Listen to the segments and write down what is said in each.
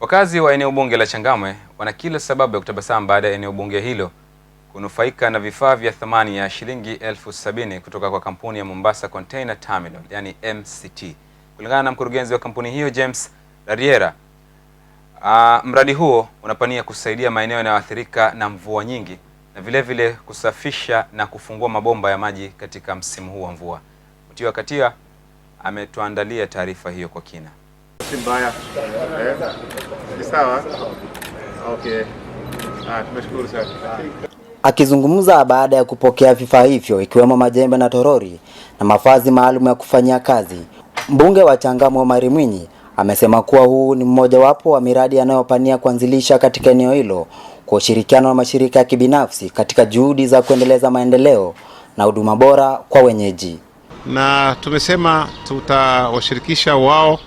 Wakazi wa eneo bunge la Changamwe wana kila sababu ya kutabasamu baada ya eneo bunge hilo kunufaika na vifaa vya thamani ya shilingi elfu sabini kutoka kwa kampuni ya Mombasa Container Terminal yani MCT. Kulingana na mkurugenzi wa kampuni hiyo James Lariera, uh, ah, mradi huo unapania kusaidia maeneo yanayoathirika na mvua nyingi na vile vile kusafisha na kufungua mabomba ya maji katika msimu huu wa mvua. Mtiwa Katia ametuandalia taarifa hiyo kwa kina mbaya eh, sawa okay. Ah, tumeshukuru sana. Akizungumza baada ya kupokea vifaa hivyo ikiwemo majembe na torori na mavazi maalum ya kufanyia kazi, mbunge wa Changamwe Omary Mwinyi amesema kuwa huu ni mmojawapo wa miradi anayopania kuanzilisha katika eneo hilo kwa ushirikiano na mashirika ya kibinafsi katika juhudi za kuendeleza maendeleo na huduma bora kwa wenyeji, na tumesema tutawashirikisha wao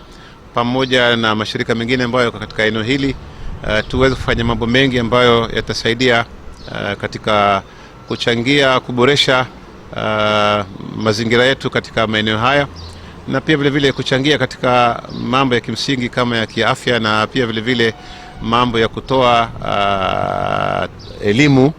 pamoja na mashirika mengine ambayo yako katika eneo hili uh, tuweze kufanya mambo mengi ambayo yatasaidia uh, katika kuchangia kuboresha uh, mazingira yetu katika maeneo haya na pia vilevile vile kuchangia katika mambo ya kimsingi kama ya kiafya na pia vilevile vile mambo ya kutoa uh, elimu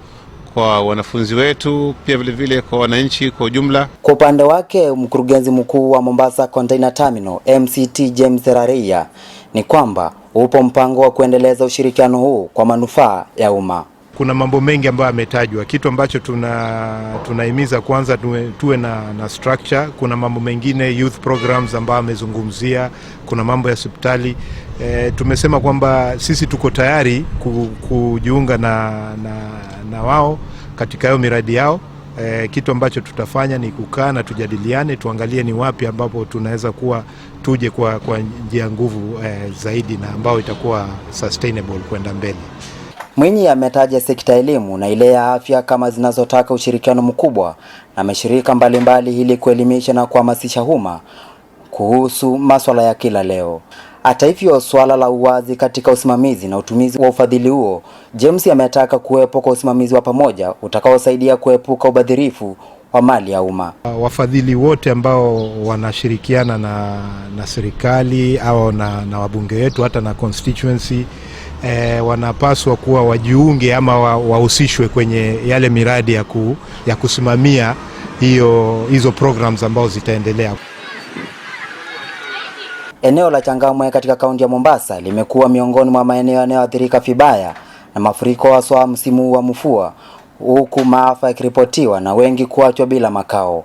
kwa wanafunzi wetu, pia vilevile vile kwa wananchi kwa ujumla. Kwa upande wake, mkurugenzi mkuu wa Mombasa Container Terminal MCT James Raria ni kwamba upo mpango wa kuendeleza ushirikiano huu kwa manufaa ya umma. Kuna mambo mengi ambayo yametajwa, kitu ambacho tuna tunahimiza kwanza tuwe, tuwe na, na structure. Kuna mambo mengine youth programs ambayo amezungumzia, kuna mambo ya hospitali e, tumesema kwamba sisi tuko tayari ku, kujiunga na, na, na wao katika hayo miradi yao. E, kitu ambacho tutafanya ni kukaa na tujadiliane, tuangalie ni wapi ambapo tunaweza kuwa tuje kwa, kwa njia nguvu e, zaidi na ambayo itakuwa sustainable kwenda mbele. Mwinyi ametaja sekta elimu na ile ya afya kama zinazotaka ushirikiano mkubwa na mashirika mbalimbali ili kuelimisha na kuhamasisha umma kuhusu masuala ya kila leo. Hata hivyo, swala la uwazi katika usimamizi na utumizi wa ufadhili huo, James ametaka kuwepo kwa usimamizi wa pamoja utakaosaidia kuepuka ubadhirifu wa mali ya umma. Wafadhili wote ambao wanashirikiana na, na serikali au na, na wabunge wetu hata na constituency eh, wanapaswa kuwa wajiunge ama wahusishwe kwenye yale miradi ya, ku, ya kusimamia hiyo hizo programs ambazo zitaendelea. Eneo la Changamwe katika kaunti ya Mombasa limekuwa miongoni mwa maeneo yanayoathirika vibaya na mafuriko haswa msimu wa mvua, huku maafa yakiripotiwa na wengi kuachwa bila makao.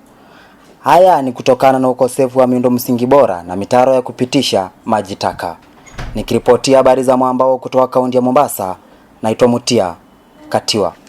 Haya ni kutokana na ukosefu wa miundo msingi bora na mitaro ya kupitisha maji taka. Nikiripotia habari za mwambao kutoka kaunti ya Mombasa, naitwa Mutia Katiwa.